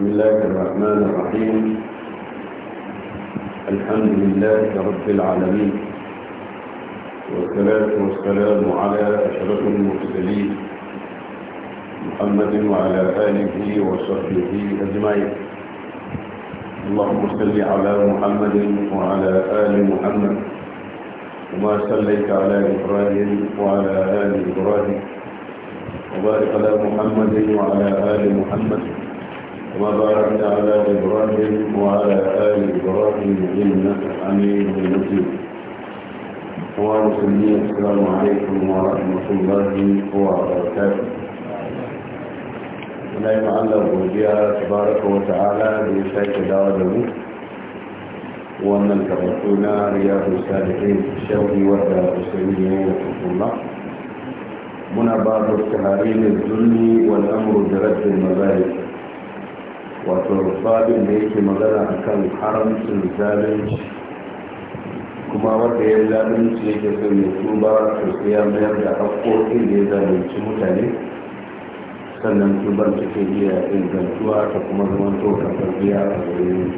بسم الله الرحمن الرحيم الحمد لله رب العالمين والصلاة والسلام على أشرف المرسلين محمد وعلى آله وصحبه أجمعين اللهم صل على محمد وعلى آل محمد وما صليت على إبراهيم وعلى آل إبراهيم وبارك على محمد وعلى آل محمد وبارك على إبراهيم وعلى آل إبراهيم إنك حميد مجيد وأنتمي السلام عليكم ورحمة الله وبركاته لا يعلم بها تبارك وتعالى بشيخ دار له وأن الكرسونا رياض الصالحين الشوقي وردى الحسينية رحمه الله منى بعض التهارين الذل والأمر برد المبادئ wato babin da yake magana a kan haramcin zalunci kuma wanda ya zalunci yake son ya tuba to ya mayar da haƙoƙin da ya zalunci mutane sannan ban take iya ingantuwa ta kuma zaman to karɓar biya a wurin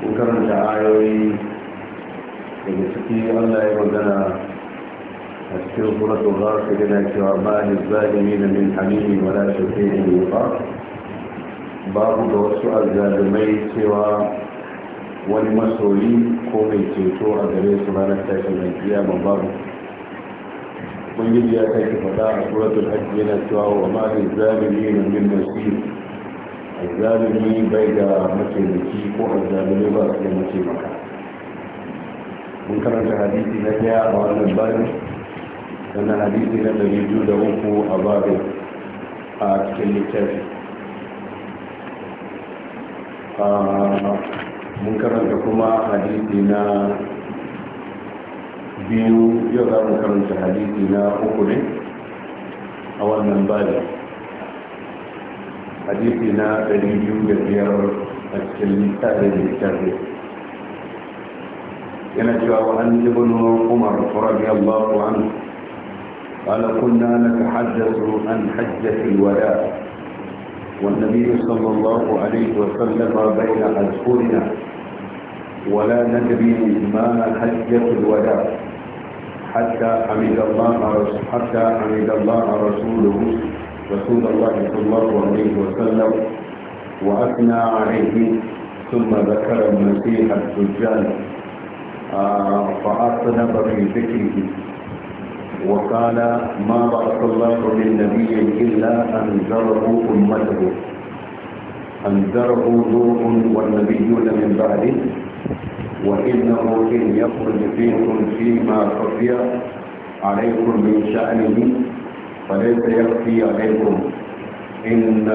kun karanta ayoyi daga ciki allah ya magana a cikin السلطة الغاصب لك وما للظالمين من wala ولا شفيع يطاع باب دوس الجازمي سوا والمسؤولين كومي تيتو أدري سبحانة تاكي من قيام الباب من يدي أتاكي فتاة سورة الحجين سوا وما الزاملين من مسيح الزاملين بيدا مكي مكيك والزاملين بأسي مكي مكا من كان الحديث نجاء وعلى الباب أن الحديث نجاء وعلى الباب أعطي كل كافي mun karanta kuma hadisi na biyu yau za mu karanta hadisi na uku ne a wannan bada hadisi na biyar a cikin littafin littafin yana cewa wa an ibn umar radiyallahu anhu قال كنا نتحدث عن حجة الوداع والنبي صلى الله عليه وسلم بين أذكرنا ولا ندري ما حجة الوداع حتى حمد الله حتى حمد الله رسوله رسول الله صلى الله عليه وسلم وأثنى عليه ثم ذكر المسيح الدجال آه، فأصنف في ذكره وقال ما بعث الله من نبي إلا أنذره أمته أنذره نوح والنبيون من بعده وإنه إن يخرج فيكم فيما خفي عليكم من شأنه فليس يخفي عليكم إن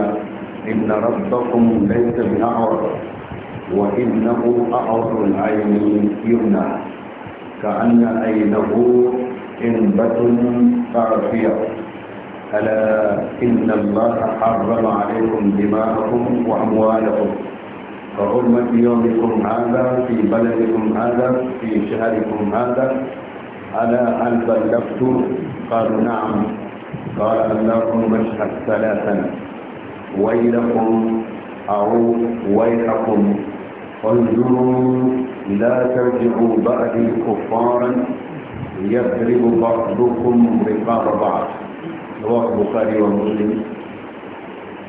إن ربكم ليس بأعور وإنه أعور العين يمنى كأن عينه إنبة فاعفية ألا إن الله حرم عليكم دماءكم وأموالكم فحرمة يومكم هذا في بلدكم هذا في شهركم هذا ألا هل بلغتم قالوا نعم قال اللهم اشهد ثلاثا ويلكم أو ويلكم انظروا لا ترجعوا بعدي كفارا يضرب بعضكم ببعض بعض رواه البخاري ومسلم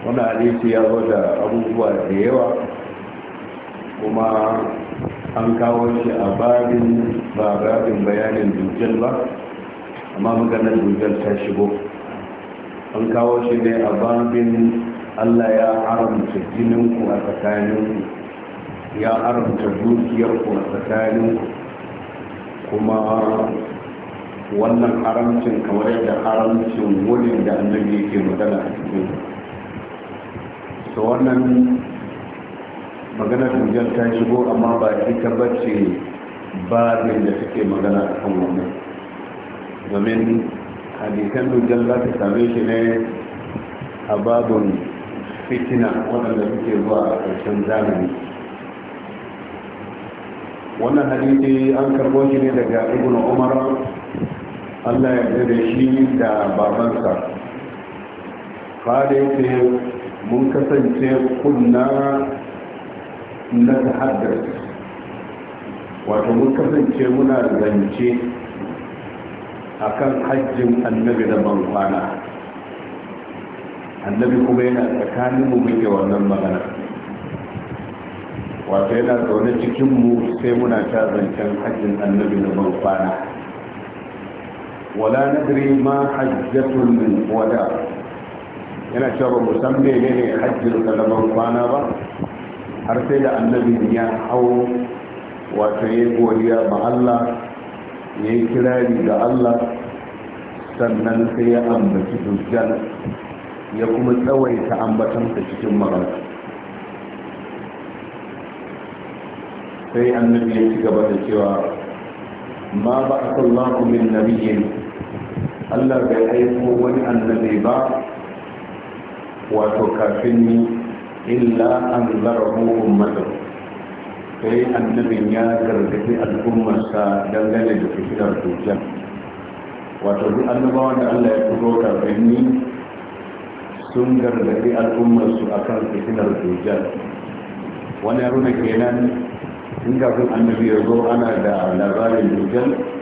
wani hadisi ya zo da abubuwa da yawa kuma an kawo shi a babin babin bayanin dujjal ba amma maganar dujjal ta shigo an kawo shi ne a babin allah ya haramta jininku a tsakaninku ya haramta dukiyarku a tsakaninku kuma wannan haramcin kamar yadda haramcin wurin da annabi yake magana a cikin to wannan maganar hujjar ta shigo amma ba ita bace babin da take magana a kan wannan domin hadisan hujjar za ta same shi ne a babin fitina waɗanda suke zuwa a ƙarshen zamani wannan hadisi an karɓo shi ne daga ibn umar allah ya da shi da babansa fada yake mun kasance kunna na haddar wato mun kasance muna zance kan hajjin annabi da ban kwana annabi kuma yana tsakanin mu muke wannan magana wato yana zaune mu sai muna ta zancen hajjin annabi da ban kwana wala nadri ma hajjatul wada yana cewa ba san ne hajjin salaman kwana ba har sai da annabi ya hau wato ya godiya ma Allah ya yi kirari ga Allah sannan sai ya ambaci dujjal ya kuma tsawaita ambatansa cikin magana sai annabi ya ci gaba da cewa ma ba a min nabiyyin Allah bai aiko wani annabi ba wato kafin ni illa an hukun ummatahu sai annabin ya gargaɗi al'ummarsa dangane da fitilar dujjan wato duk annabawa da Allah ya turo kafin ni sun gargaɗi al'ummarsu akan fitilar dujjan wani ya runa kenan in kafin annabi ya zo ana da labarin dujjan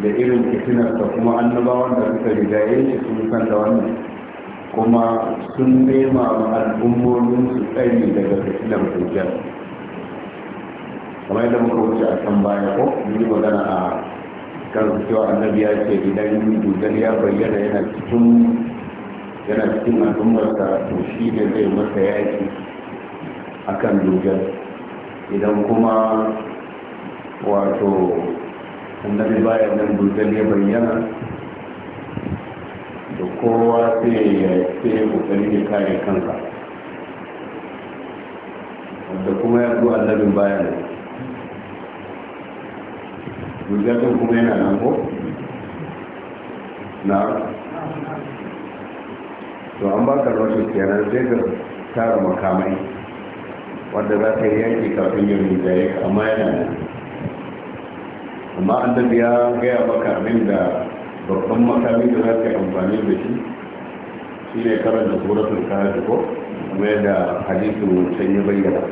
da irin fitinar da kuma annabawan da suka rigaye shi sun kan da wannan kuma sun nema al'ummomin su tsari daga fitinar hujjar kamar yadda muka wuce a kan baya ko yi magana a kan cewa annabi ya ce idan dudar ya bayyana yana cikin yana cikin al'ummarsa to shi ne zai masa yaki akan dudar idan kuma wato annabi baya nan dujjal ya bayyana da kowa sai ya sai kokari ya kare kanka. Wanda kuma ya zo annabin baya nan dujjal kuma yana nan ko na to an baka rashin kenan sai ka tara makamai wanda za ka yi yanki kafin yin rinjaye amma yana nan amma annabi ya gaya maka abin da babban makami da za ka amfani da shi shi ne karanta suratul kahfi ko kuma yadda hadisin can yi bayyana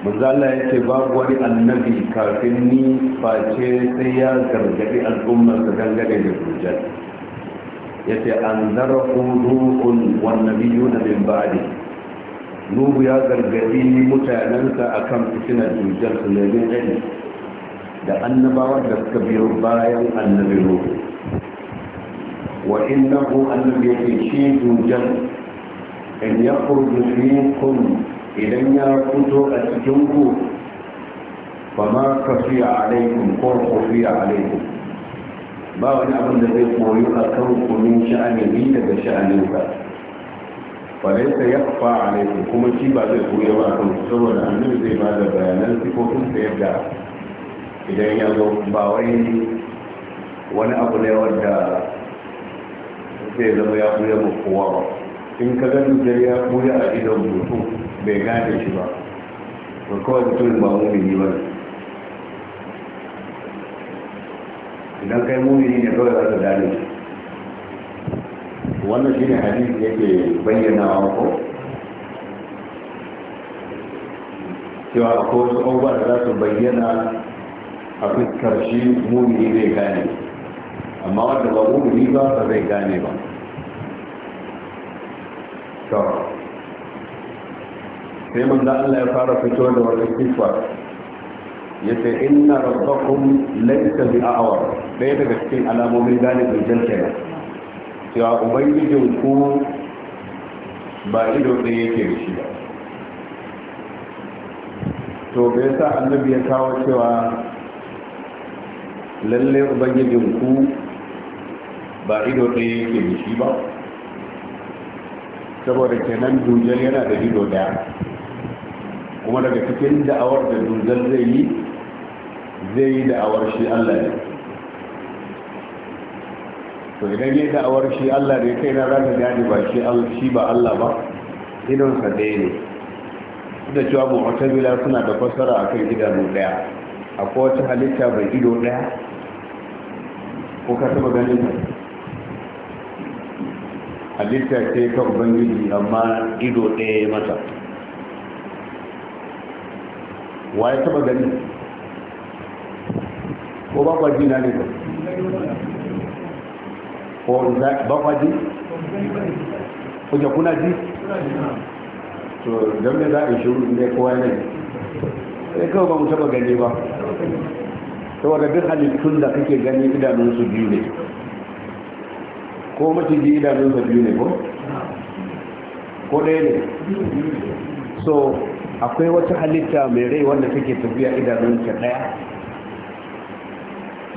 manzala ya ce babu wani annabi kafin ni face sai ya gargadi al'ummar da dangane da Ya ce an zarafu wannan biyu na min ba'di nuhu ya gargadi mutanensa akan fitinar dujjal su ne da annabawar da suka biyo bayan annabi nuhu wa innahu annabi yake shi dujan in ya kurdu minkum idan ya fito a cikin ku ba ma kafiya alaikum ko kofiya alaikum ba wani abin da zai koyi a kan kunin sha'ani daga sha'aninka falaita ya fa alaikum kuma shi ba zai koyi ba kan saboda annabi zai ba da bayanan sifofin da yadda idan ya zo ba wai wani abu ne wanda zai zama ya buya ma kowa ba in ka gani da ya buya a idan mutum bai gane shi ba ba kawai mutum ba mumini ba ne idan kai mumini ne kawai za gane shi wannan shi ne hadisi yake bayyana ko cewa ko su abubuwa da za su bayyana a fuskar shi mumini zai gane amma wanda ba mumini ba ba zai gane ba sai manzo Allah ya fara fito da wani sifa yace inna rabbakum laysa bi'awar ɗaya daga cikin alamomin gane dujjal kenan cewa ubangijin ku ba ido ɗaya yake da shi ba to bai sa annabi ya kawo cewa lalle ubangijin ku ba ido ɗaya yake da shi ba saboda kenan dunjal yana da ido ɗaya kuma daga cikin da'awar da dunjal zai yi zai yi da'awar shi allah ne to idan yi da'awar shi allah ne kai na za ka gane ba shi ba allah ba idonsa ɗaya ne da cewa mu'tazila suna da fassara akan idanu ɗaya akwai wata halitta bai ido ɗaya ko ka taba ganin ta halitta ce ta ubangiji amma ido ɗaya mata wa ya taba gani ko bakwaji na ne ba ko bakwaji kuka kuna ji to don ne za a yi shuru ne kowa ne sai eh, kawai ba mu taba gani ba saboda duk halittun da kake gani idanunsu biyu ne ko maciji idanunsa biyu ne ko? ko ɗaya ne so akwai wata halitta mai rai wanda take tafiya idanunsa ɗaya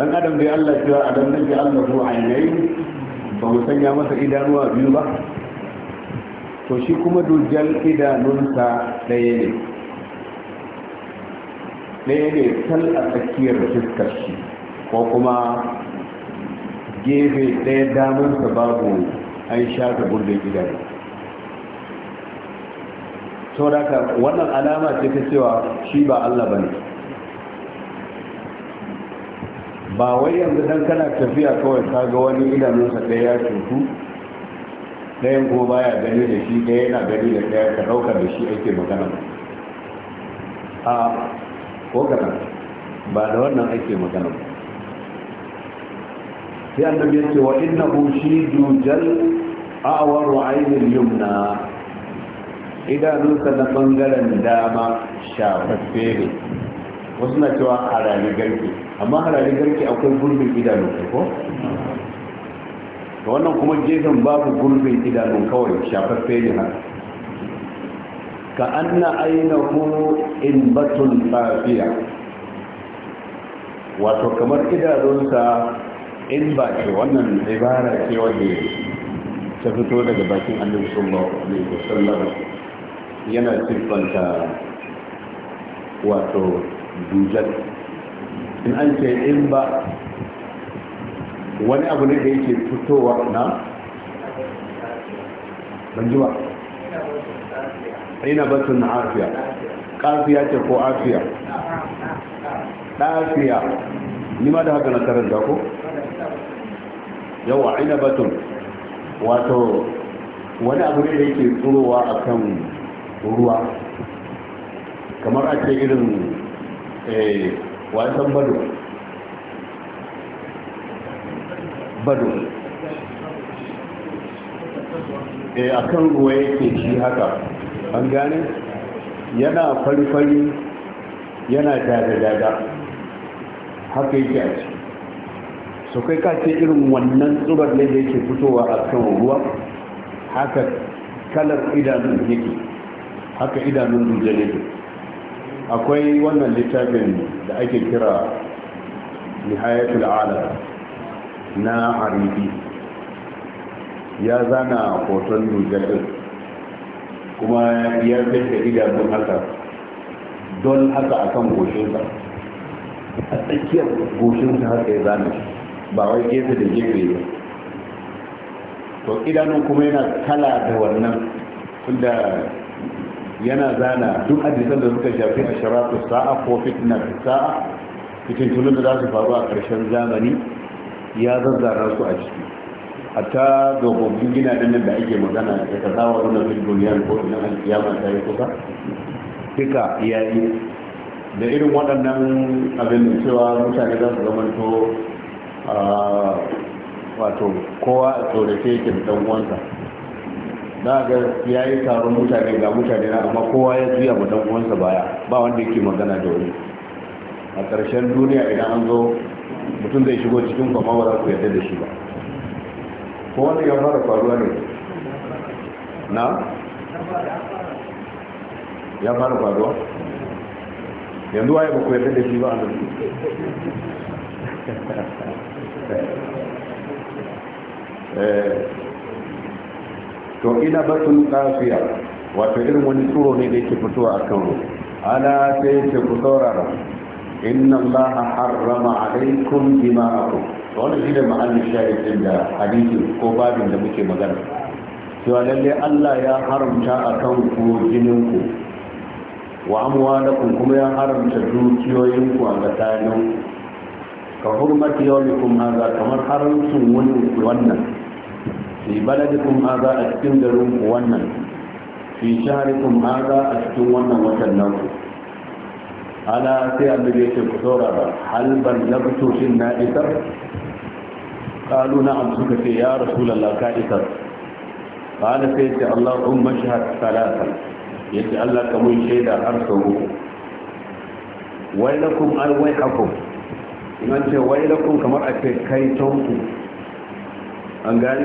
dan adam bai allah cewa adam nan nake allah ko ainihi ba mu sanya masa idanuwa biyu ba to shi kuma dujjal idanunsa ɗaya ne ɗaya ne tal a tsakiyar fuskar shi ko kuma gefe ɗaya damansa babu an shafe burbin idanu sauraka wannan alama ce ta cewa shi ba allah ba ne ba wai yanzu dan kana tafiya kawai ka ga wani idanunsa ɗaya ya cutu ɗayan kuma baya gani da shi ɗaya yana gani da ɗaya ka ɗauka da shi ake magana a ko gaba ba da wannan ake magana ba. sai annabi ya ce wa hu shi dujal awar ainil yumna idanunsa na bangaren dama shafaffe ne wasu na cewa harari garki amma harari garki akwai gurbin idanun ko wannan kuma gefen babu gurbin idanun kawai shafaffe ne haka ka aina ainihu in batun lafiya wato kamar idanunsa in ba ce wannan ibara ce wanda ta fito daga bakin annabi sallallahu alaihi wasallam yana siffanta wato dujal in an ce in ba wani abu ne da yake fitowa na banjuwa ina batun na afiya kafiya ce ko afiya ɗafiya ni ma da haka na karanta ko yawa ina batun wato wani abu ne da yake tsurowa a kan ruwa kamar a ce irin eh, wasan bado bado eh, a kan ruwa yake shi haka an gane yana farfari yana dada-dada haka yake a ce. su kai kace irin wannan tsubar ne da yake fitowa a kan ruwa haka kalar idanun yake haka idanun duje ne akwai wannan littafin da ake kira nihayatul alam na arifi ya zana hoton ne kuma ya fita idanun haka don haka akan goshinsa a tsakiyar goshinsa haka ya zane ba wai gefe da gefe ba to idanun kuma yana kala da wannan tunda yana zana duk hadisan da suka shafi a sharatu sa'a ko fitna sa'a fitintunan da za su faru a ƙarshen zamani ya zazzara su a ciki hatta dokokin gina nan da ake magana da ta zawa wani fil duniya ko ina idan alkiyama ta yi kusa duka iyayi da irin waɗannan abin cewa mutane za su zamanto wato kowa a tsorace yake da dan uwansa na ga ya yi taron mutane ga mutane na amma kowa ya juya ma dan uwansa baya ba wanda yake magana da wani a ƙarshen duniya idan an zo mutum zai shigo cikin kwamawar ku yadda da shi ba ko wanda ya fara faruwa ne na ya fara faruwa yanzu waye ba ku yarda da shi ba a eh, to ina batun kafiya wato irin wani tsoro ne da yake fitowa a kan ana sai ce ku saurara inna allaha harrama alaikum dima'akum wannan shi da ma'anin shahidin da hadisi ko babin da muke magana cewa lalle Allah ya haramta a kan ku jinin ku wa amwalakum kuma ya haramta dukiyoyin ku a tsakanin ka hurmati yawmikum hadha kamar haramcin wani wannan fi baladikum hadha a cikin garin ku wannan fi shaharikum hadha a cikin wannan watan nan ku ala sai annabi ya ce ku saurara hal ballagtu shin na isar قالوا نعم سكت يا رسول الله كائسر قال سيدي اللهم اشهد ثلاثا يدي الله كمن شيدا أرسه ويلكم أي ويحكم إمان شيء ويلكم كما أكي كي تنكم أنقال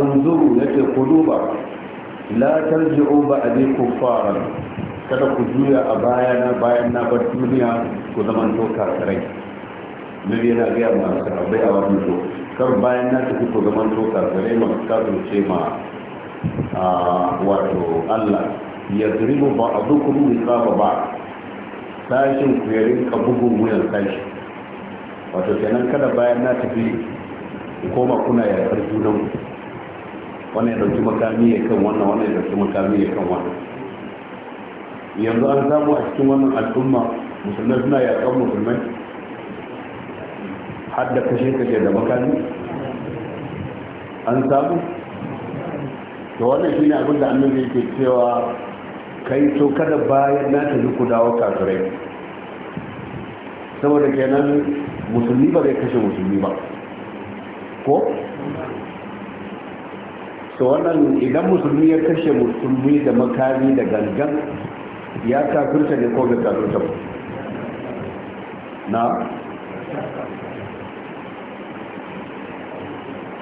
انظروا يدي قلوبا لا ترجعوا بعدي كفارا kada ku juya a bayana bayan na bar duniya ku zamanto karkarai nabi yana gaya ma sahabbai a wani so kar bayan na tafi ko zaman to kafirai ma kafirce ma wato Allah ya zuribu ba a dukkan misaba ba sashin ku ya rinka bugun wuyan sashi wato kenan kada bayan na tafi koma kuna yaƙar junan wannan ya dauki makami ya kan wannan wannan ya dauki makami ya kan wannan yanzu an samu a cikin wannan al'umma musulmai suna yaƙar musulmai Hadda kashe kashe da makami an samu to wannan shi ne abin da annabi yake cewa kai to kada bayan na ta ku dawo kafirai saboda kenan musulmi ba zai kashe musulmi ba ko to wannan idan musulmi ya kashe musulmi da makami da gangan ya kafirta ne ko bai kafirta ba na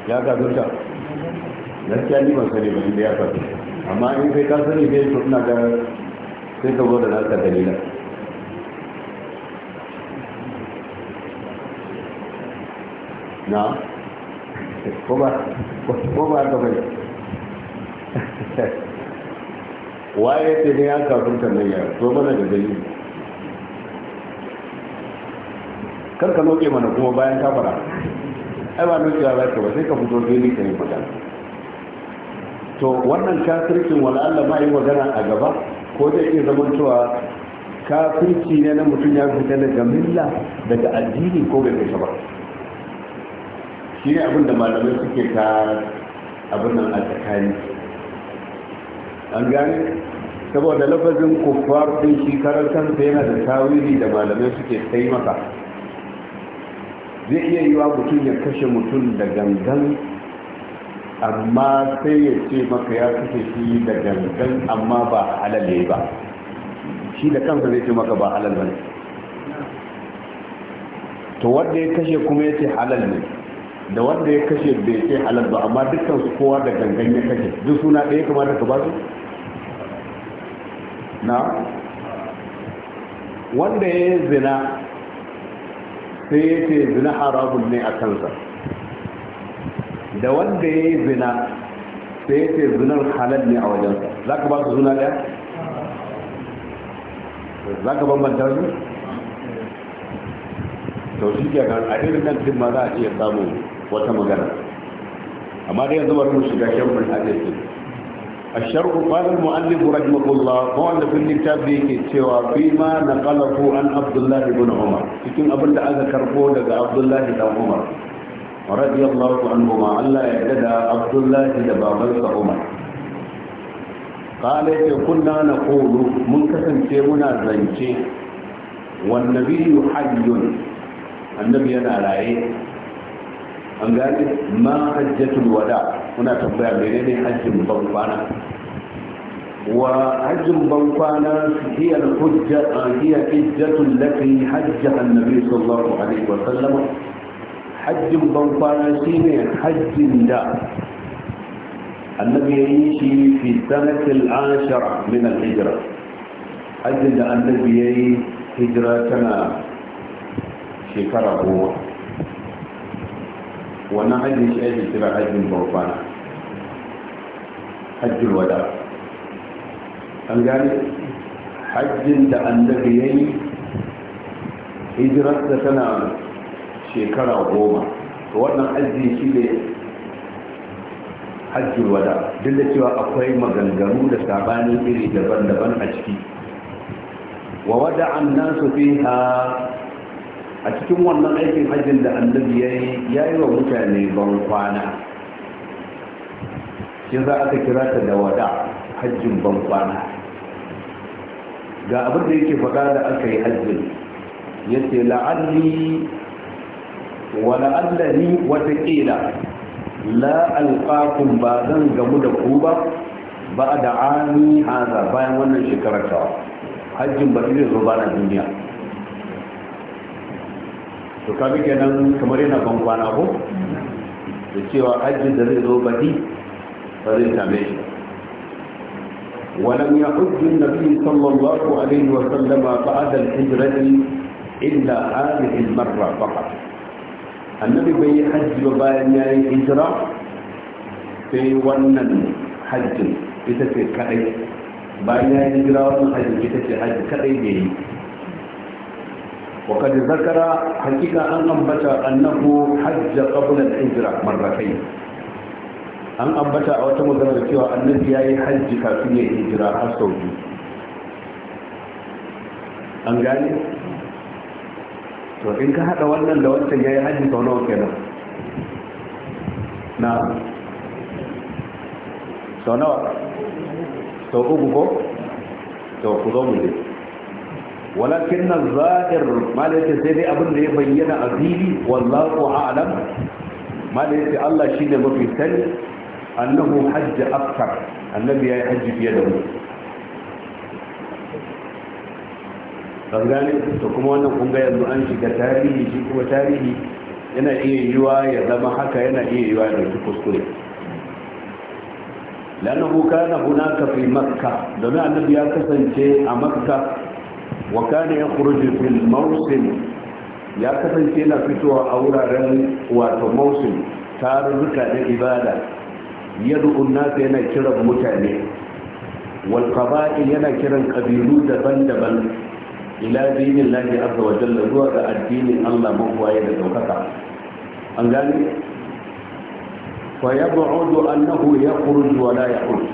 ya kafirta gaskiya ni ban sani ba inda ya kafirta amma in kai ka sani sai to ina ga sai ka zo da naka dalila na ko ba ko ba ka bai waye ce ne ya kafirta nan ya to mana da dalili kar ka noke mana kuma bayan kafara ai ba nukewa ba ka ba sai ka fito fili ka yi magana to wannan kafircin wala Allah ma yi magana a gaba ko zai iya zama cewa kafirci ne na mutum ya fita daga milla daga addini ko bai kai ba shi ne abin da malamai suke ta abin nan a tsakani an gane saboda lafazin kuffar din shi karar kansa yana da tawili da malamai suke taimaka zai iya yi wa mutum ya kashe mutum da gangan amma sai ya ce maka ya kashe shi da gangan amma ba halal ne ba shi da kansa zai ce maka ba halal ba ne to wanda ya kashe kuma ya ce halal ne da wanda ya kashe bai ce halal ba amma dukkan su kowa da gangan ya kashe duk suna ɗaya kamata ka ba su na wanda ya yi zina sai ya ce zina haramun ne a kansa da wanda ya yi zina sai ya ce zinar halal ne a wajensa za ka ba su suna ɗaya? za ka bambanta su? to shi ke kan a irin nan tun ma za a iya samu wata magana amma da yanzu wani mu shiga shan mun hadisi a sharhu qalil mu'allif rahimahullah ko wanda bin littaf da yake cewa fi ma naqalahu an abdullah ibn umar cikin abin da aka karbo daga abdullah ibn umar radiyallahu anhu ma Allah ya yarda abdullah da babarsa sa umar qala ya kunna naqulu mun kasance muna zance wan nabiyyu hayyun annabi yana raye an gani ma hajjatul wada' هناك tambaya menene حج ban وحج بوطانا هي الحجة هي حجة التي حجها النبي صلى الله عليه وسلم حج بوطانا سيني حج لا النبي يعيش في السنة العاشرة من الهجرة حج لا النبي هجرة شكره wannan hajjin shi ake kira hajjin baukwana hajjin wada an gane hajjin da annabi ya yi hijirarsa tana shekara goma to wannan hajji shi ne hajjin wada duk da cewa akwai maganganu da sabanin iri daban-daban a ciki wa su fi ha. a cikin wannan aikin hajjin da annabi ya yi ya yi wa mutane ban kwana shi za aka kira ta da wada hajjin ban kwana ga abin da yake faɗa da aka yi hajjin ya ce la'alli la'allani watakila la alƙaƙun ba zan gamu da ku ba ba da ani haza bayan wannan shekarar tawa hajjin ba zai zo ba na duniya to kaga kenan kamar yana ban kwana ko da cewa hajji da zai zo baki ba zai same shi ولم يحج النبي صلى الله عليه وسلم بعد الهجرة إلا هذه المرة فقط النبي بي حج وباين ياي هجرة في ونن حج بتتي كأي باين ياي هجرة ونن حج بتتي حج كأي بيه وقد ذكر حقيقة أن أنبت أنه حج قبل الإجراء مرتين أن أنبت أو تمزل سوى الذي يأي حج كافية إجراء السعودي أن قال وإن كهد ولا لو أنت يأي حج تونو كده نعم تونو تونو ko to ku walakin na za'ir malaita sai dai abinda da ya bayyana a fili wallahu a'lam sai Allah shi ne mafi sani annahu hajji afkar annabi ya yi hajji fiye da mu ɗangane da kuma wannan kunga yanzu an shiga tarihi shi kuma tarihi yana iya yiwa ya zama haka yana iya yiwa ya ɗauki kuskure lanahu kana hunaka fi makka domin annabi ya kasance a makka wa kana yakhruju fil mawsim ya kasance yana fitowa a wuraren wato Mausin tarurruka na ibada yad'u an yana kiran mutane wal yana kiran kabilu daban-daban ila dinin lahi azza wa jalla zuwa ga addinin Allah mabuwaye da daukaka an gani fa yab'udu annahu yakhruj wa la yakhruj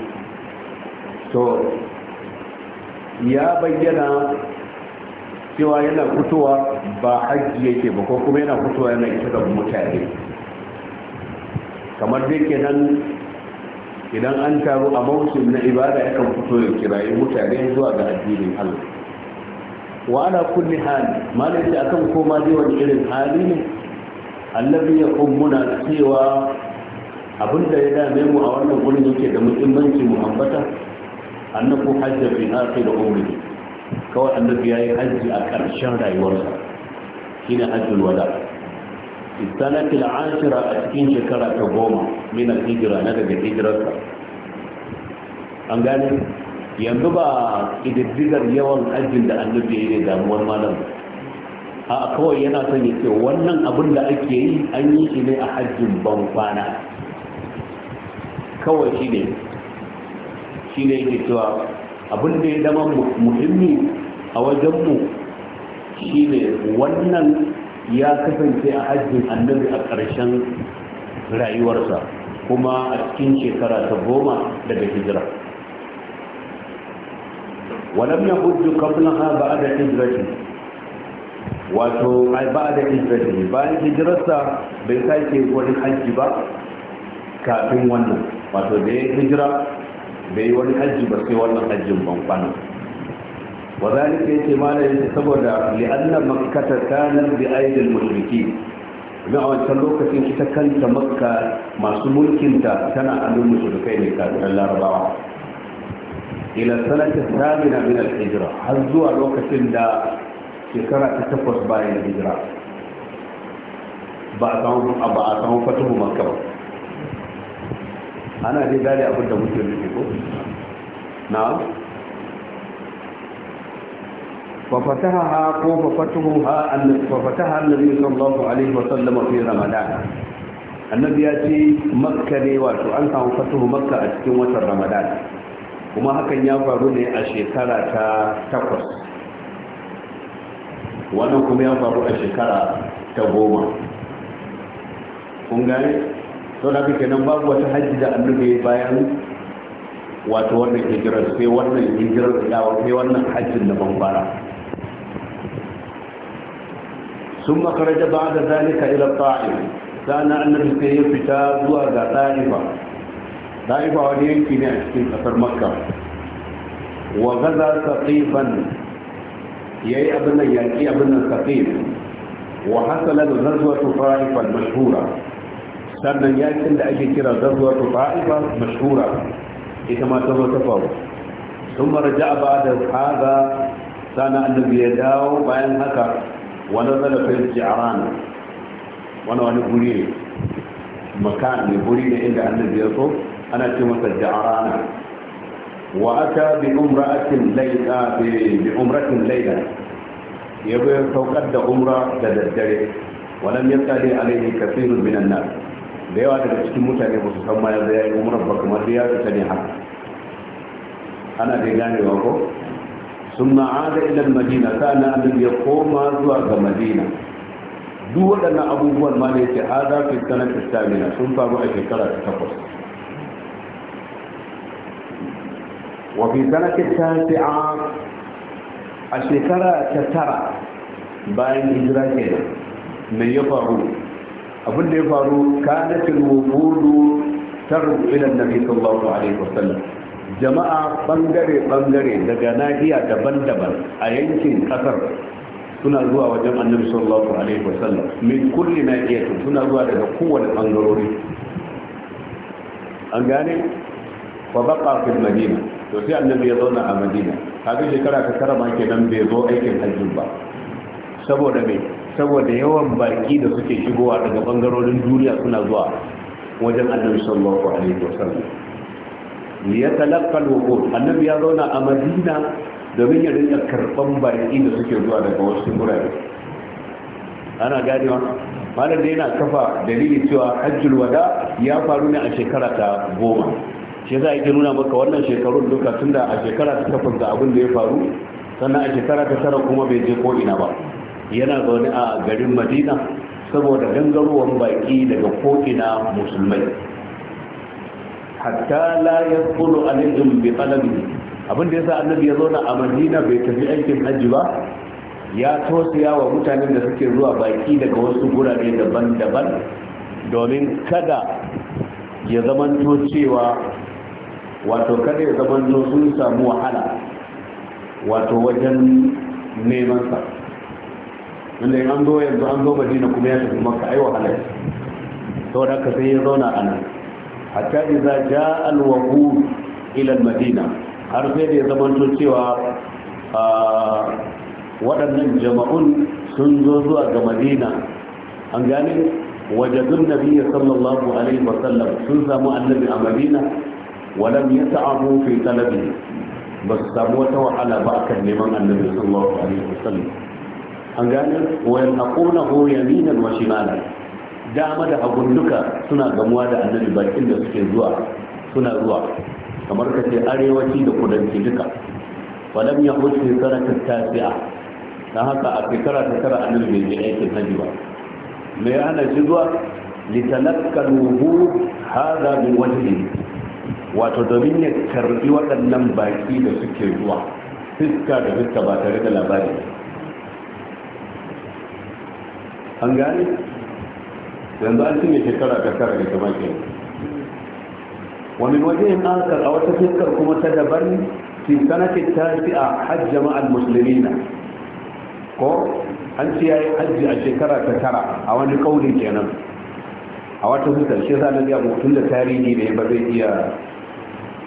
to ya bayyana cewa yana fitowa ba hajji yake ba ko kuma yana fitowa yana isa da mutane kamar dai kenan idan an taru a mausim na ibada yakan fito ya kirayi mutane zuwa ga addinin Allah wa ala kulli hali ce akan koma dai wani irin hali ne allabi ya kummuna cewa abinda ya dame mu a wannan gurin yake da muhimmanci mu ambata annaku hajja fi da umri kawai annabi ya yi hajji a ƙarshen rayuwarsa shi ne hajjul wada istanatil ashira a cikin shekara ta goma min hijira na daga hijirarsa an gane yanzu ba ƙididdigar yawan hajjin da annabi ya yi damuwar malam a kawai yana son ya ce wannan abin da ake yi an yi shi ne a hajjin ban kwana kawai shi ne shi ne yake cewa abin da ya zama muhimmi a wajenmu shi ne wannan ya kasance a hajjin annabi a ƙarshen rayuwarsa kuma a cikin shekara ta goma daga hijira walam ya hujju kablaha ba a da hijirati wato ai ba a da hijirati bayan hijirarsa bai sake wani hajji ba kafin wannan wato da ya hijira bai yi wani hajji ba sai wannan hajjin ban kwana wa zalika ce mana yake saboda li'anna makkata kanat bi aidil mushriki ga a wancan lokacin ita kanta makka masu mulkinta tana hannun mushrikai ne kafiran larabawa ila sanatin samina min al-hijra har zuwa lokacin da shekara ta takwas ba a samu ba a samu fatuhu makka ba ana da muke nufi ko na ففتحها ففتحها ففتحها النبي صلى الله عليه وسلم في رمضان annabi ya ce makka ne wato an samu fatuhu makka a cikin watan ramadan kuma hakan ya faru ne a shekara ta takwas wannan kuma ya faru a shekara ta goma kun gane sau da kake nan babu wata hajji da annabi bayan wato wannan hijirar sai wannan hijirar ya sai wannan hajjin da bambara sun makaraja ba da zalika ila ta'if sana annabi sai ya fita zuwa ga ta'ifa ta'ifa wani yanki ne a cikin kasar makka wa gaza saqifan yayi abin nan yaki abin nan saqif wa hasala da ghazwatu ta'ifa al-mashhura sannan yakin da ake kira ghazwatu ta'ifa mashhura ita ma ta ثم رجع بعد هذا sana annabi ya dawo bayan haka wani zalafin jiran wani wani guri ne makan ne guri ne inda annabi ya so ana ce masa jiran wa aka bi umra umratin laila bi umra umratin laila ya bai saukar da umra da daddare Wannan walam yaqali alaihi kathirun binan nan. da yawa daga cikin mutane ba su san ma yanzu ya yi umrar ba kamar da ya fita ne haka ana dai ganewa ko sun ma'ada ilan madina na annabi ya koma zuwa ga madina duk waɗannan abubuwan ma ne ce hada fi sanar istamina sun faru a shekara ta takwas wa fi sanar tasi'a a shekara ta tara bayan hijira kenan mai ya faru abin da ya faru kanatin wufudu tarbu ilan nabi sallallahu alaihi wasallam jama'a bangare-bangare daga nahiya daban-daban a yankin kasar suna zuwa wajen annabi sallallahu alaihi wasallam min kulli nahiyatin suna zuwa daga kowane bangarori an gane wa baqa fil madina to sai annabi ya zauna a madina kaga shekara ta tara ma kenan bai zo aikin hajji ba saboda me saboda yawan baki da suke shigowa daga bangarorin duniya suna zuwa wajen annabi sallallahu alaihi wasallam ya talakkal hukun annabi ya zauna a madina domin ya rinka karban baki da suke zuwa daga wasu murare ana wa malam da yana kafa dalili cewa hajjul wada ya faru ne a shekara ta goma shi za a nuna maka wannan shekarun duka tunda a shekara ta takwas da abin da ya faru sannan a shekara ta tara kuma bai je ko ina ba yana zaune a garin madina saboda gangarowar baki daga ko'ina musulmai hatta la yadkhulu alaihim bi qalbi abin da yasa annabi ya zauna a Madina bai tafi aikin hajji ba ya tosiya wa mutanen da suke zuwa baki daga wasu gurare daban-daban domin kada ya zamanto cewa wato kada ya zamanto sun samu wahala wato wajen neman sa wanda in an zo yanzu an zo madina kuma ya tafi maka ai wahala saboda haka sai ya zauna a nan hatta idza jaa al-waqud ila al-madina har sai da ya to cewa waɗannan jama'un sun zo zuwa ga madina an gane wajadun nabiyyi sallallahu alaihi wa sallam sun samu annabi a madina walam yata'abu fi talabi ba su samu wata wahala ba akan neman annabi sallallahu alaihi wa sallam an gane wa yanqunahu yaminan wa shimalan dama da abun duka suna gamuwa da annabi bakin da suke zuwa suna zuwa kamar ka ce arewaci da kudanci duka walam ya huce shekara ta tasi'a don haka a shekara ta tara annabi bai je aikin hajji ba mai hana shi zuwa litalakkaluhu hada min wajhi wato domin ya karbi waɗannan baki da suke zuwa fiska da fiska ba tare da labari an gane yanzu an cinye shekara da tara da kuma ke wani waje in a wata fiskar kuma ta daban fi sanatin tafi a hajji ma'al ko an ce ya yi hajji a shekara ta tara a wani kauli kenan a wata fiskar shi za na ga mutum da tarihi ne ba zai iya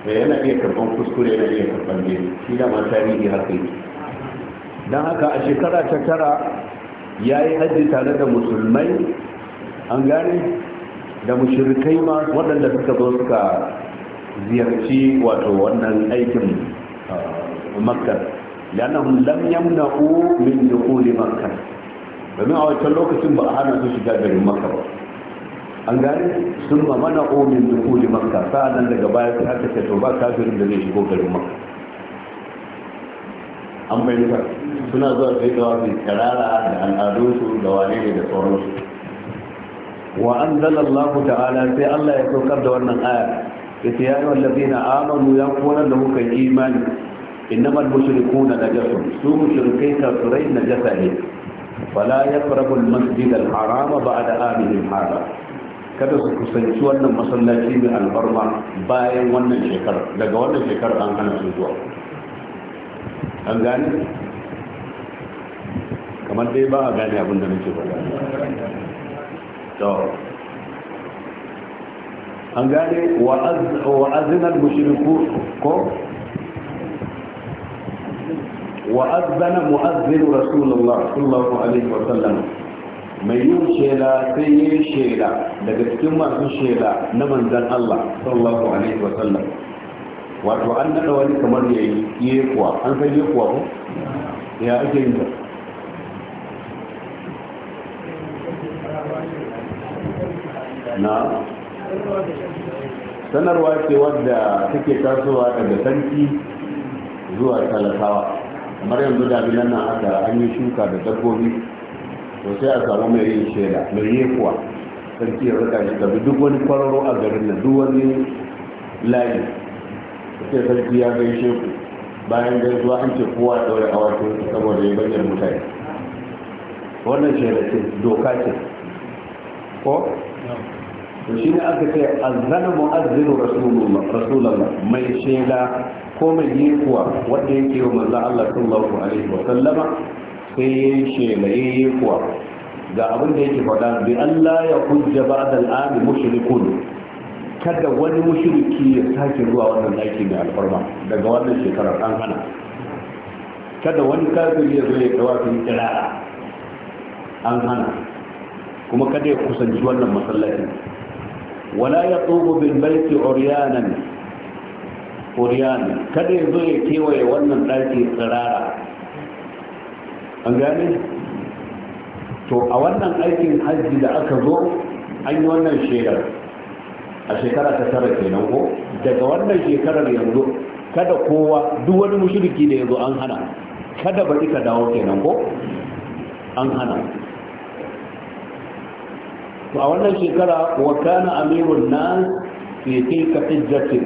eh, yana iya karban kuskure yana iya karban ne shi tarihi haka don haka a shekara ta tara ya yi hajji tare da musulmai an gani da mushirikai ma waɗanda suka zo suka ziyarci wato wannan aikin uh, makka lanahum lam yamna'u min dukhuli makka domin a wancan lokacin ba a hana su shiga garin makka ba an gani sun ma mana min dukuli makka sa'annan daga baya sai aka ce to ba kafirin da zai shigo garin makka an bayyana suna zuwa sai da wasu karara da al'adunsu da wane ne da sauransu wa an anzalallahu ta'ala sai Allah ya saukar da wannan aya yace ya ayyuhal ladina amanu ya kuwa da kuka imani innamal mushrikuna najasun su mushrikai na najasa ne fala yaqrabu al-masjid al-haram da aminin hara. kada su kusanci wannan masallaci mai albarma bayan wannan shekar daga wannan shekar an hana su zuwa an gane kamar dai ba a gane abin da nake ba. an gane wa azinar mushiriku ko wa azana mu'azzinu rasulullah sallallahu alaihi wa sallam mai yin shela sai yi shela daga cikin masu shela na manzan Allah sallallahu alaihi wa sallam wato an daɗa wani kamar yayi kuwa, an san kuwa ko ya ake yin ta na sanarwa ce wadda take tasowa daga sarki zuwa talakawa kamar yanzu daminan nan aka an yi shuka da dabbobi to sai a samu mai yin shaida mai yi kuwa sarki ya rika shi tabi duk wani kwararo a garin na, duk wani layi sai sarki ya gaishe ku bayan gaisuwa an ce kowa ɗaure a wato saboda ya bayyana mutane wannan shaida ce doka ce ko to shi ne aka ce azana mu'azzinu rasulullah mai shaida ko mai yekuwa wanda yake wa manzo Allah sallallahu alaihi wa sallama sai ya shela yayi yekuwa ga abin da yake faɗa bi Allah ya hujja ba'da al'ami mushrikun kada wani mushriki ya sake zuwa wannan aiki mai alfarma daga wannan shekarar an hana kada wani kafiri ya zo ya tawafin kirara an hana kuma kada ya kusanci wannan masallacin wala ya tsogo bin baiti oriyanan oriyanan kada ya zo ya kewaye wannan ɗaki tsirara an gane to a wannan aikin hajji da aka zo an yi wannan shekarar a shekara ta tara kenan ko daga wannan shekarar yanzu kada kowa duk wani mushriki da yanzu an hana kada ba ka dawo kenan ko an hana to a wannan shekara wa kana amirun nas fi tilka hijjatin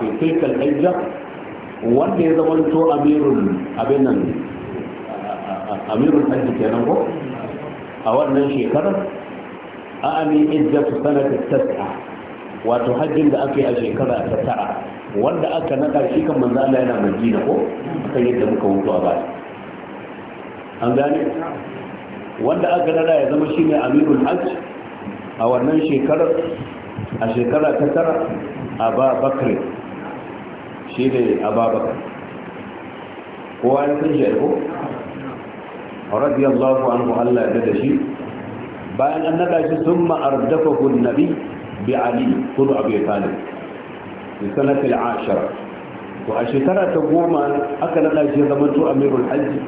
fi tilka hijja wanda ya zama to amirun abin nan amirun hajji kenan ko a wannan shekarar a'ami izzatu sanata tas'a wato hajjin da aka yi a shekara ta tara wanda aka naka shi kan manzo Allah yana Madina ko akan yadda muka hutu a baya an gane wanda aka nada ya zama shine amirul hajj a wannan shekarar a shekara ta tara a ba ababakar shi ne ababakar kowa ya san shi ko radiyallahu anhu Allah ya da shi bayan an nada shi sun ma'ardafahu nabi bi ali kudu abu talib bi sanatil ashara to a shekara ta goma aka nada shi to amirul hajji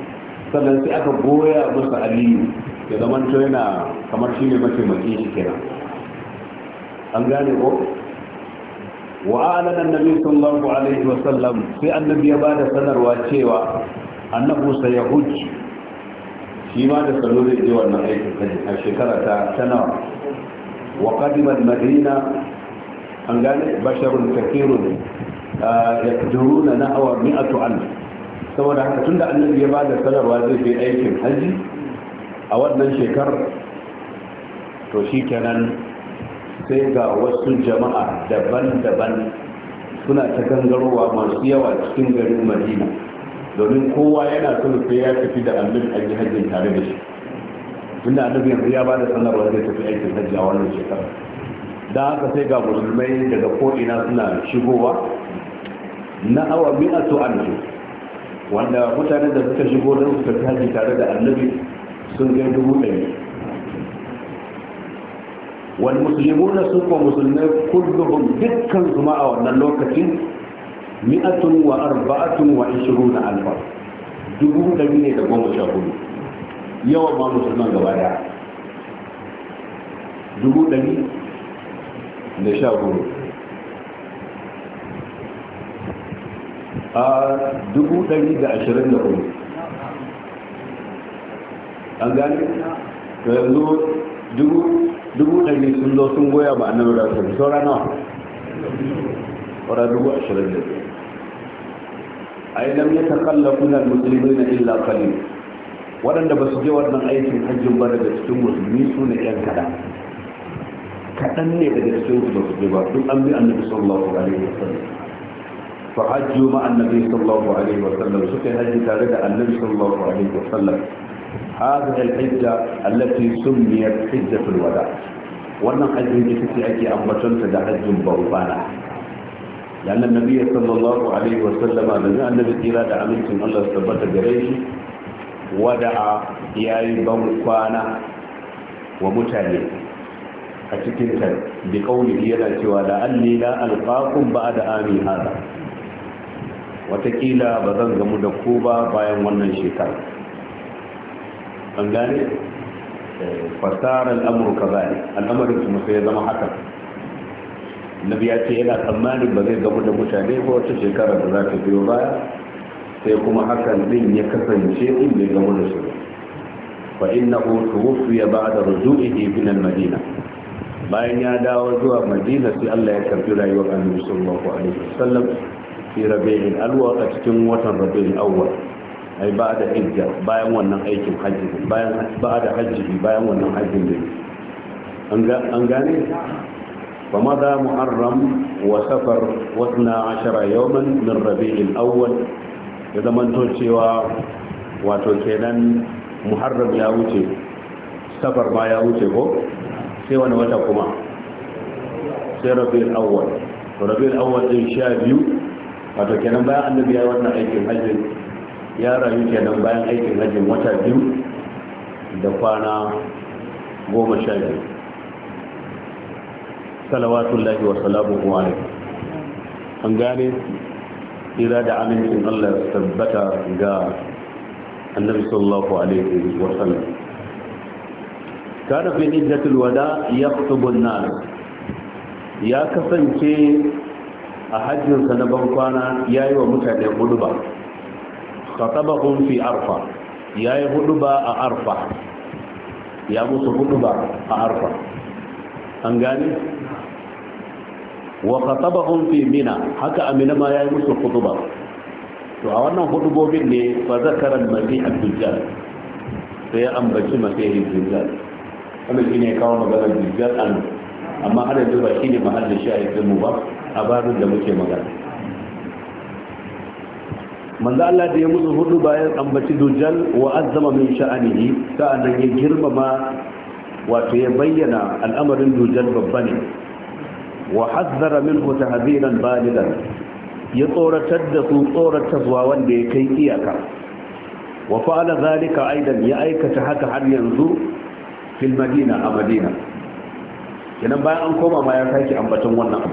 sannan sai aka goya masa aliyu ya zamanto yana kamar shi ne mataimakin shi kenan an gane ko wa alana annabi sallallahu alaihi wa sallam sai annabi ya bada sanarwa cewa annahu sayahujj shi ma da salo zai je wannan aikin a shekara ta tana wa qadima al-madina an gane basharun kathirun na nahwa 100 alf saboda haka tunda annabi ya bada sanarwa zai je aikin haji a wannan shekarar to shi kenan sai ga wasu jama'a daban-daban suna ta gangarowa masu yawa cikin garin madina domin kowa yana son sai ya tafi da annabin aiki hajjin tare da shi tunda annabi yanzu ya ba da sanarwa zai tafi aikin hajji a wannan shekarar da haka sai ga musulmai daga ko'ina suna shigowa na awa mi'atu annabi wanda mutane da suka shigo don su tafi hajji tare da annabi sun kai dubu ɗari wani musulmi na sun kuma musulmai kullum dukkan su ma a wannan lokacin mi'atun wa arba'atun wa ishiru na alfa dubu ɗari ne da goma sha hudu yawan ma musulman gaba daya dubu ɗari da sha hudu a dubu ɗari da ashirin da hudu an gane to yanzu dubu ɗari sun zo sun goya ba annabi da su saura nawa saura dubu ashirin da ai lam ya takallafu na musulmi na illa kalil waɗanda ba su je wannan aikin hajjin ba daga cikin musulmi su ne yan kaɗan kaɗan ne daga cikin su ba su je ba duk an bi annabi sallallahu alaihi wasallam fa hajju ma annabi sallallahu alaihi wasallam suka yi hajji tare da annabi sallallahu alaihi wasallam هذه الحجة التي سميت حجة الوداع wannan hajjin ita ce ake ambatonta da hajjin baubana لأن النبي صلى الله عليه وسلم لنا النبي إلى دعمتم الله ثبت جريه ودعا ياي بمقانا ومتالي أتكنت بقوله يلا سوى لأني لا ألقاكم بعد آمي هذا وتكيلا بذنب مدكوبة بايا ونن شكرا an gane fasara Amurka ka zane al'amarin kuma sai ya zama haka nabi ya ce yana tsammanin ba zai gamu da mutane ko wata shekara da za ta biyo baya sai kuma hakan din ya kasance in bai gamu da na fa innahu tuwfiya ba'da ruju'ihi min al-madina bayan ya dawo zuwa madina sai Allah ya karbi rayuwar annabi sallallahu alaihi wasallam fi rabi'il alwa a cikin watan rabi'il awwal ai ba da hijja bayan wannan aikin hajji bayan ba da hajji bayan wannan hajjin ne an gane fa madha muharram wa safar wa 12 yawman min rabi'il awwal ya zaman wato kenan muharram ya wuce safar ba ya wuce ko sai wani wata kuma sai rabi'il awwal rabi'il awwal din sha biyu wato kenan bayan annabi ya wannan aikin hajji ya rayu kenan bayan aikin hajjin wata biyu da kwana goma sha biyu salawatullahi wa salamuhu alaihi an gane tsira da amincin Allah tabbata ga annabi sallallahu alaihi wa sallam kana fi hijjatul wada yaktubu an-nas ya kasance a hajjinsa na ban kwana yayi wa mutane gudu ba khatabahum fi arfa ya yayi huduba a arfa ya musu huduba a arfa an gani? wa khatabahum fi mina haka amina ma ya yayi musu huduba to a wannan hudubobin ne fa zakara al-masih ad-dajjal sai ya ambaci masih ad-dajjal shi ne kawo maganar dajjal an amma har yanzu ba shine mahallin shahidin mu ba a babin da muke magana manzo Allah da ya musu hudu bayan ambaci dujjal wa azzama min sha'anihi sa'annan ya girmama wato ya bayyana al'amarin dujjal babba ne wa hazzara minhu tahziran balidan ya tsoratar da su zuwa wanda ya kai iyaka wa fa'ala zalika aidan ya aikata haka har yanzu fil madina a madina kenan bayan an koma ma ya sake ambaton wannan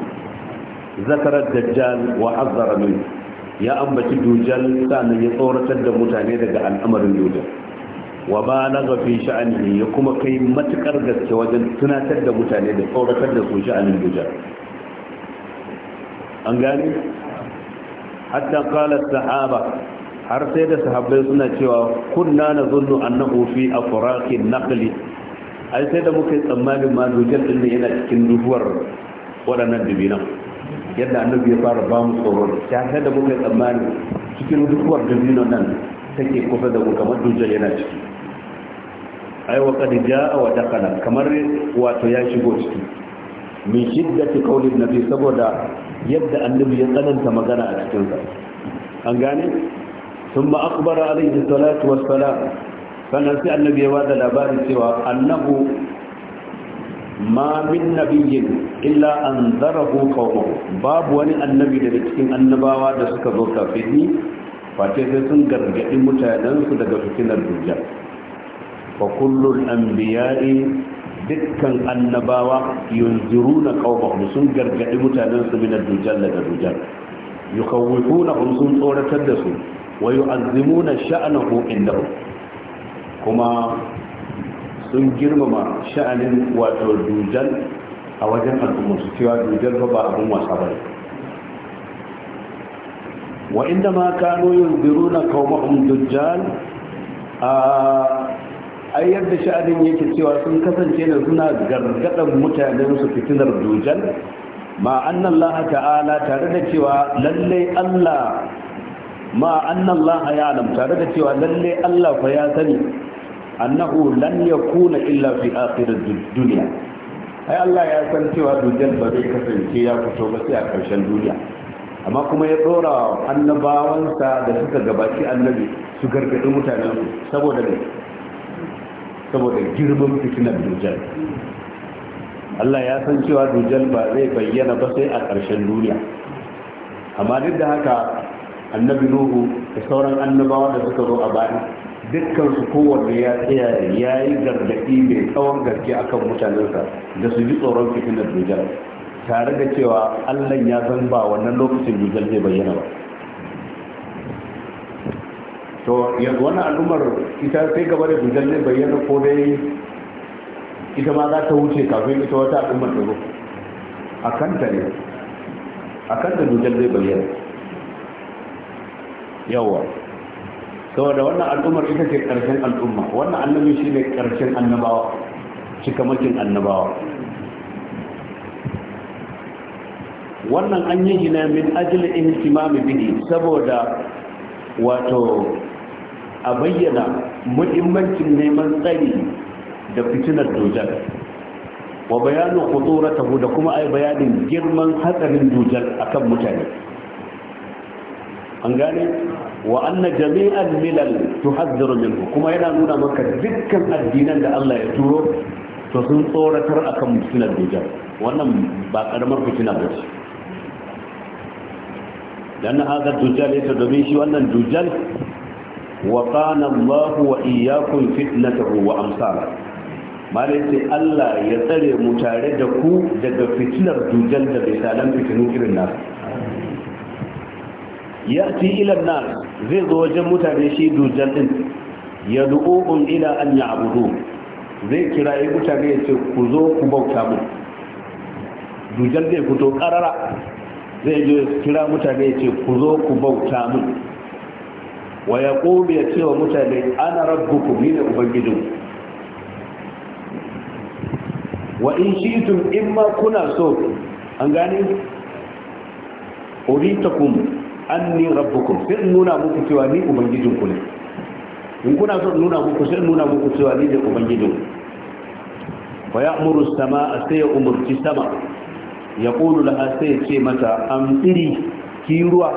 zakarar dajjal wa hazzara minhu ya ambaci dujal sannan ya tsoratar da mutane daga al'amarin dujal wa ba na zafi sha'ani ya kuma kai matukar gaske wajen tunatar da mutane da tsoratar da su sha'anin dujal an gani hatta kala sahaba har sai da sahabbai suna cewa kunna na zunnu annahu fi afraqin naqli ai sai da muka yi tsammanin ma dujal din yana cikin duhuwar waɗannan dubinan yadda annabi ya fara ba mu tsoro ta ta da muka tsammani cikin dukuwar dabino nan take kofa da mu kamar yana ciki ai wa qad jaa wa dakala kamar wato ya shigo ciki min shiddati qawli annabi saboda yadda annabi ya tsananta magana a cikin sa an gane thumma akbara alayhi salatu wassalam sannan sai annabi ya bada labarin cewa annahu ma min nabiyyin illa an zarafu qawmuhu babu wani annabi daga cikin annabawa da suka zo kafin ni face sai sun gargaɗi mutanensu daga fitinar dujjal fa kullul anbiya'i dukkan annabawa yunziruna qawmuhum sun gargaɗi mutanensu min dujjal daga dujjal yukawwifunahum sun tsoratar da su wayo wa yu'azzimuna sha'nahu indahum kuma sun girmama sha'anin wato dujal a wajen al'ummarsu cewa dujal ba abin wasa ba ne wa inda ma kano yin biru na kawmakon dujal a ayyar da sha'anin yake cewa sun kasance da suna gargaɗar mutanen su fitinar dujal ma annan laha ta'ala tare da cewa lallai allah ma annan laha ya alam tare da cewa lallai allah fa ya sani annahu lan yakuna illa fi akhirad dunya ai Allah ya san cewa dujjal ba zai kasance ya fito ba sai a karshen duniya amma kuma ya dora annabawansa da suka gabaci annabi su gargadi mutanen saboda ne saboda girman fitinar dujjal Allah ya san cewa dujjal ba zai bayyana ba sai a ƙarshen duniya amma duk da haka annabi nuhu da sauran annabawa da suka zo a baya dukkan su kowanne ya tsaya ya yi gargaɗi mai tsawon gaske akan mutanensa da su ji tsoron fitinar dujal tare da cewa allah ya san ba wannan lokacin dujal zai bayyana ba to yanzu wani al'ummar ita sai gaba da dujal zai bayyana ko dai ita ma za ta wuce kafin ita wata al'ummar ta zo a kanta ne a kanta dujal zai bayyana yawa saboda wannan al'ummar ita ce karshen al'umma wannan annabi shi ne karshen annabawa cikamakin annabawa wannan an yi gina min ajili ihtimami bihi saboda wato a bayyana muhimmancin neman tsari da fitinar dujal wa bayanin khuturatahu da kuma ai bayanin girman hatsarin dujal akan mutane an gane wa anna jami'an milal tuhadhdhiru minhu kuma yana nuna maka dukkan addinan da Allah ya turo to sun tsoratar akan fitinar dajjal wannan ba karamar fitina ba ce dan haka dajjal ya domin shi wannan dajjal wa qana Allah wa iyyakum fitnatahu wa amsa. malai sai Allah ya tsare mu tare da ku daga fitinar dajjal da bai salan fitinu irin nasu Ya ila ilanna zai zo wajen mutane shi dujal din yad'uhum ila an ya'budu zai kira yi mutane ya ce ku zo ku bauta mu dujal zai fito karara zai je kira mutane ya ce ku zo ku bauta mu wa ya yaqulu ya ce wa mutane ana rabbukum ni ne ubangijinku wa in shi'tum imma kuna so an gane uritakum anni rabbukum sai in nuna muku cewa ni ubangijin ku ne in kuna so nuna muku sai in nuna muku cewa ni ne ubangijin wa fa as samaa sai ya umurci sama ya qulu laha sai ya ce mata amtiri ki ruwa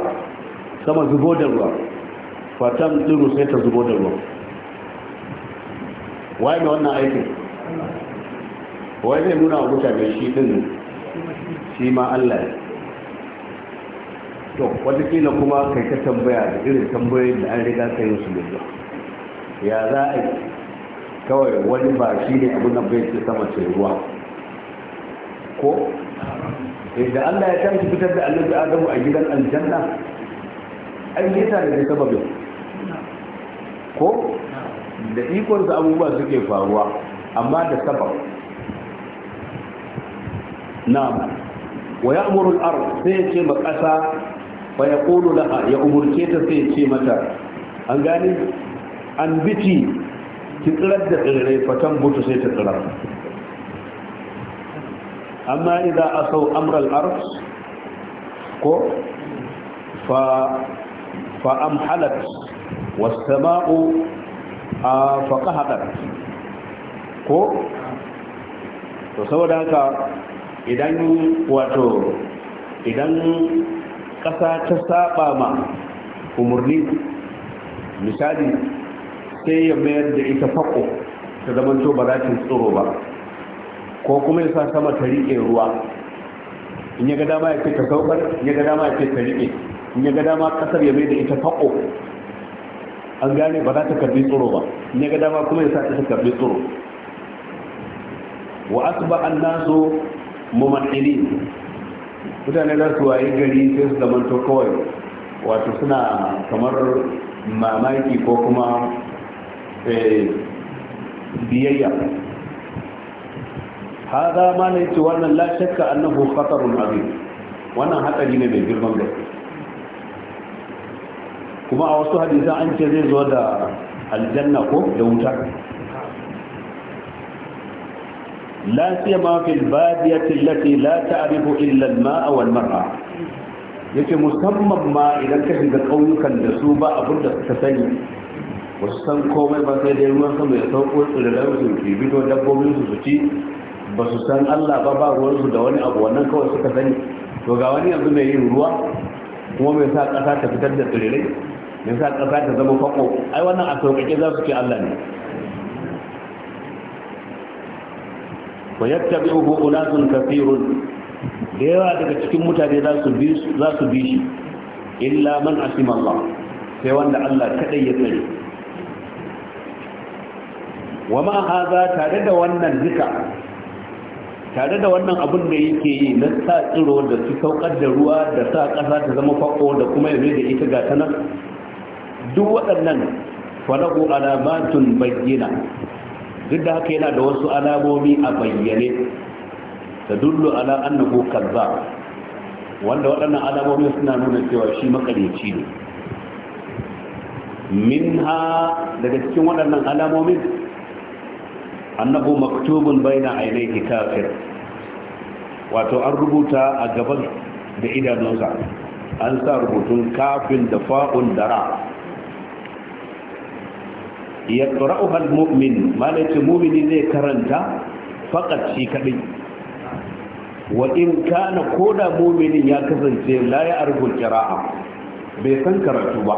sama zubo da ruwa fa tamtiru sai ta zubo da ruwa Wai da wannan aikin Wai zai nuna wa mutane shi din shi ma Allah ne to watakila kuma kai ta tambaya da irin tambayoyin da an riga ka yi su yanzu? ya za a yi kawai wani ba shi ne abin da bai ta sama ce ruwa ko eh, da Allah ya tashi fitar da annabi Adamu a gidan aljanna an yi ta da sababin ko da ikon sa abubuwa suke faruwa amma da sabab na wa ya'muru al-ard sai ya ce ma kasa Faya ya ƙolo laha ya umurce ta sai ce mata an gani an biti ki tsirar da tsirrai fatan butu sai ta tsirar amma idan a sau amral arz ko fa wasu wasama'u a faƙa haɗar ko to saboda haka idan wato idan ƙasa ta saba ma umarni misali sai ya mayar da ita fako ta to ba za ta tsoro ba ko kuma ya sa sama ta riƙe ruwa in ya ga dama ya ce ta saukar in ya ga dama ya ce ta riƙe in ya ga dama ƙasar ya mayar da ita fako an gane ba za ta karbi tsoro ba in ya ga dama kuma ya sa ta karbi tsoro wa asba an nasu mumatsili mutane za su waye gari sai su zamanto kawai wato suna kamar mamaki ko kuma eh, biyayya haza ma na yace wannan la shakka annahu khatarun azim wannan hatsari ne mai girman gaske kuma a wasu hadisan an ce zai zo da aljanna ko da wuta la siyama fil badiyati allati la ta'rifu illa al-ma'a wal mar'a yake musamman ma idan ka shiga ƙauyukan da su ba abin da suka sani ba su san komai ba sai dai ruwan sama ya sauko tsirrai su ke bito dabbobin su su ci ba su san Allah ba ba ruwan su da wani abu wannan kawai suka sani to ga wani yanzu mai yin ruwa kuma mai sa ƙasa ta fitar da tsirrai mai sa ƙasa ta zama fako ai wannan a sauƙaƙe za su ce Allah ne wa yattabi'uhu ulatun kathirun da daga cikin mutane za su bi za su bi shi illa man asima Allah sai wanda Allah kadai ya tsare wa ma hadha tare da wannan zika tare da wannan abin da yake yi na sa tsiro da su saukar da ruwa da sa ƙasa ta zama fako da kuma yabe da ita ga tanar duk waɗannan falahu alamatun bayyana duk da haka yana da wasu alamomi a bayyane da dullu ala annahu kaza wanda waɗannan alamomi suna nuna cewa shi makareci ne minha daga cikin waɗannan alamomin annahu maktubun baina ainihi kafir wato an rubuta a gaban da idanunsa an sa rubutun kafin da fa'un dara. ya ƙura'uhar mu'min malaci mumini zai karanta faƙat shi kaɗai wa in kana ko da muminin ya kasance la ya arhu kira'a bai san karatu ba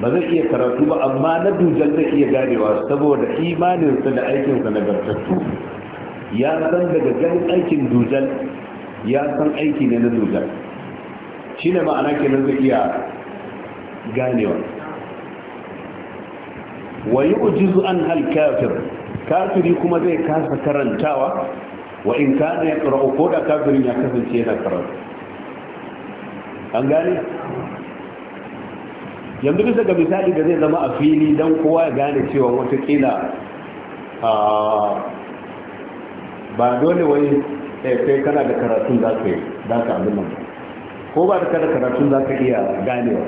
ba zai iya karatu ba amma na dujan zai iya ganewa saboda imaninsa da aikinsa na gartattu ya san daga ganin aikin dujal ya san aiki ne na dujal shi ne ma'ana kenan zai iya ganewa wa yu'jizu an hal kafir kafiri kuma zai kasa karantawa wa in ka yaqra'u ko da kafirin ya kasance yana karatu an gane yanzu bisa ga misali da zai zama a fili don kowa ya gane cewa watakila ba dole wani eh, kai kana da karatun za ka yi za ka abin nan ko ba da karatun za ka iya ganewa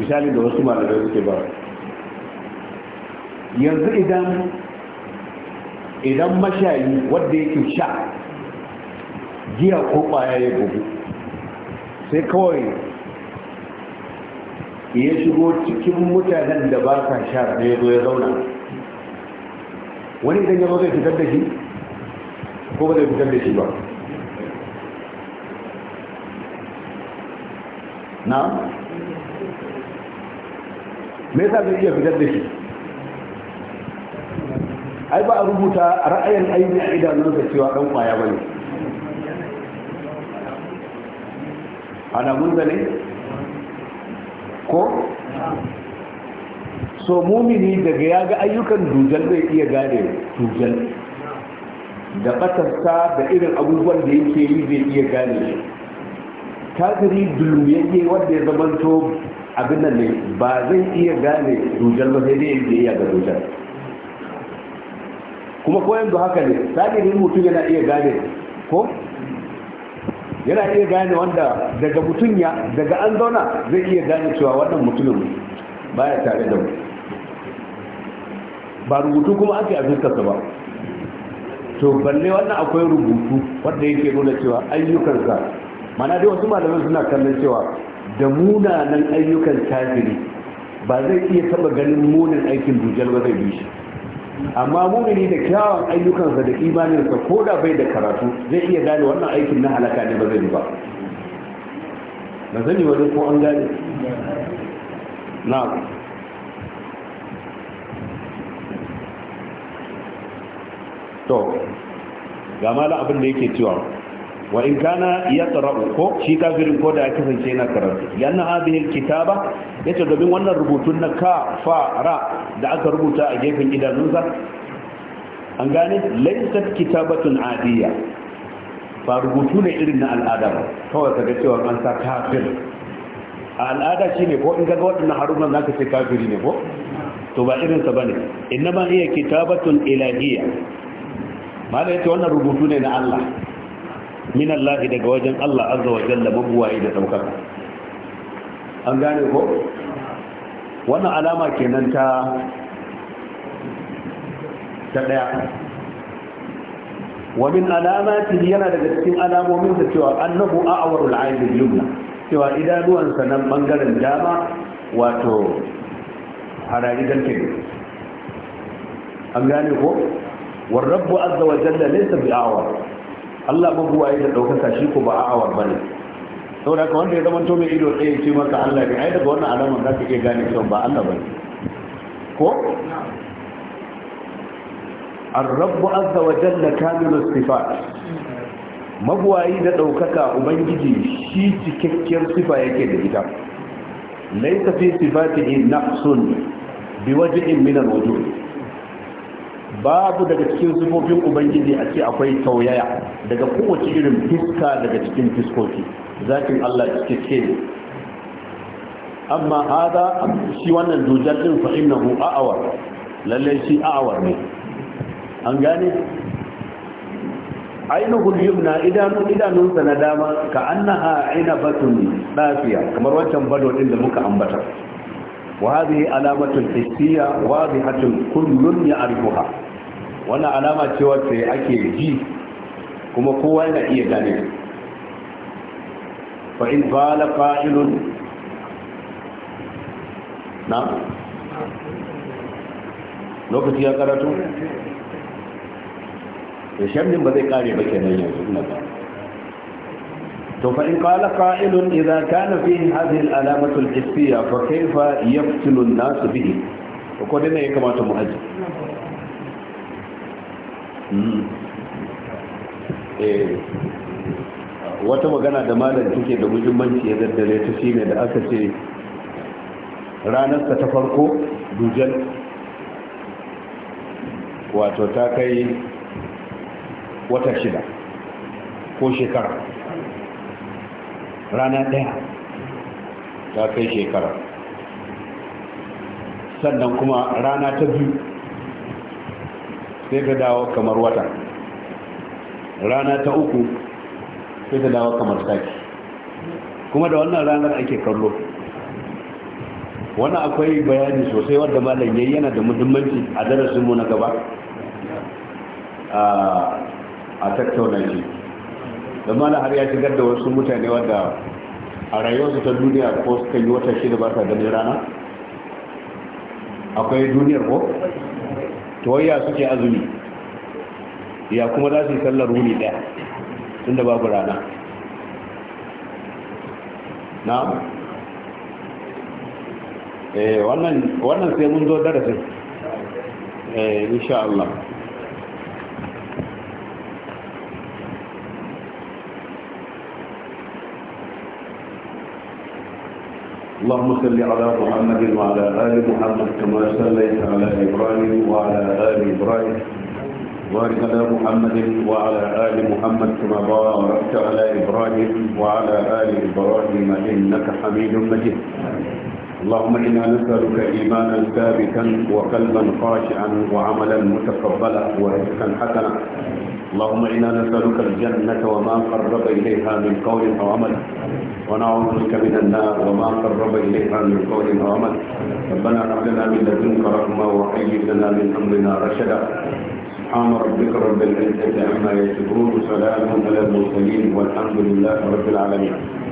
misali da wasu malamai suke ba yanzu idan idan mashayi wadda yake sha giya ko kwaya ya bugu sai kawai ya shigo cikin mutanen da ba sa sha da ya zo ya zauna wani idan ya zo zai fitar da shi ko ba zai fitar da shi ba na me yasa zai iya fitar da shi ai ba a rubuta ra'ayin aini a idanunsa cewa dan ƙwaya ba ne ana gunza ne ko so mumini daga ya ga ayyukan dujal zai iya gane dujal da ƙasarsa da irin abubuwan da yake yi zai iya gane shi kafiri yake wanda ya zamanto abin nan ne ba zai iya gane dujal ba sai dai yake iya ga dujal kuma koyon da haka ne ne mutum yana iya gane ko yana iya gane wanda daga mutum ya daga an zauna zai iya gane cewa wannan mutumin baya tare da mu ba rubutu kuma ake a fuskarsa ba to balle wannan akwai rubutu wanda yake nuna cewa ayyukansa mana dai wasu malamai suna kallon cewa da munanan ayyukan kafiri ba zai iya taba ganin munin aikin dujal ba zai bi shi amma mumini da kyawun ayyukansa da imaninsa ko da bai da karatu zai iya gane wannan aikin na halaka ne ba zai ba ba zani wani ko an gane na to ga mala abin da yake cewa wa in kana yaqra'u ko shi kafirin ko da kasance yana karatu yana hadhihi alkitaba yace domin wannan rubutun na ka fa ra da aka rubuta a gefen idanunsa an gane laysat kitabatun adiya ba rubutu ne irin na al'ada ba kawai kaga cewa an sa kafir a al'ada shine ko in ga waɗannan harufan zaka ce kafiri ne ko to ba irin irinsa bane innama hiya kitabatun ilahiyya malai ce wannan rubutu ne na Allah min Allah daga wajen Allah azza wa jalla mabuwaye da daukaka an gane ko wannan alama kenan ta ta daya wa min alamati yana daga cikin alamomin da cewa annahu a'waru al yumna cewa idanuwan sa nan bangaren dama wato harari dalke an gane ko war rabbu azza wa jalla laysa bi'awar Allah mabuwaye da ɗaukaka shi ko ba a'awar bane saboda ka wanda ya zama to mai ido ɗaya ce maka Allah ne ai daga wannan alaman za ka iya gane cewa ba Allah bane ko azza wa Jalla Kamilu Sifat, mabuwayi da ɗaukaka ubangiji shi cikakkiyar sifa yake da ita laysa fi sifatihi nafsun biwajhin min al-wujud babu daga cikin sufofin ubangiji a ce akwai tauyaya daga kowace irin fiska daga cikin fiskoki zakin Allah cikakke ne amma haza, shi wannan dujal din fa innahu a'awar lallai shi a'awar ne an gane ainihin yumna idanunsa na dama ka annaha ainabatun dafiya kamar wancan bado din da muka ambata wa hadhihi alamatun hissiya wadihatun kullun ya'rifuha wannan alama ce wacce ake ji kuma kowa yana iya gane fa in bala fa'ilun na lokaci ya karatu da shamdin ba zai kare ba kenan yanzu na ba to fa in qala qa'ilun idza kana fihi hadhihi alamatul alamatu fa hissiyya fa kayfa yaftilu an-nas bihi ko dai ne ya kamata mu ajiye Eh, wata magana da malam take da muhimmanci ya daddare ta shi ne da aka ce ranarsa ta farko dujal wato ta kai wata shida ko shekara rana daya ta kai shekara sannan kuma rana ta biyu sai ka dawo kamar wata rana ta uku sai ka dawo kamar saki kuma da wannan ranar ake kallo wani akwai bayani sosai wadda malam yayi yana da muhimmanci a darasin mu na gaba a tattauna shi da malam har ya shigar da wasu mutane wadda a rayuwarsu ta duniya ko suka yi wata shida ba sa ganin rana akwai duniyar ko tawayya suke azumi ya kuma za su yi sallar wuni daya inda babu rana na eh, wannan sai mun zo darasin eh, insha Allah اللهم صل على محمد وعلى آل محمد كما صليت على إبراهيم وعلى آل إبراهيم وبارك على محمد وعلى آل محمد كما باركت على إبراهيم وعلى آل إبراهيم إنك حميد مجيد اللهم إنا نسألك إيمانا ثابتا وقلبا خاشعا وعملا متقبلا ورزقا حسنا اللهم إنا نسألك الجنة وما قرب إليها من قول أو عمل ونعوذ بك من النار وما قرب إليها من قول أو عمل ربنا هب لنا من لدنك رحمة وهيئ لنا من أمرنا رشدا سبحان ربك رب العزة عما يشكرون سلام على المرسلين والحمد لله رب العالمين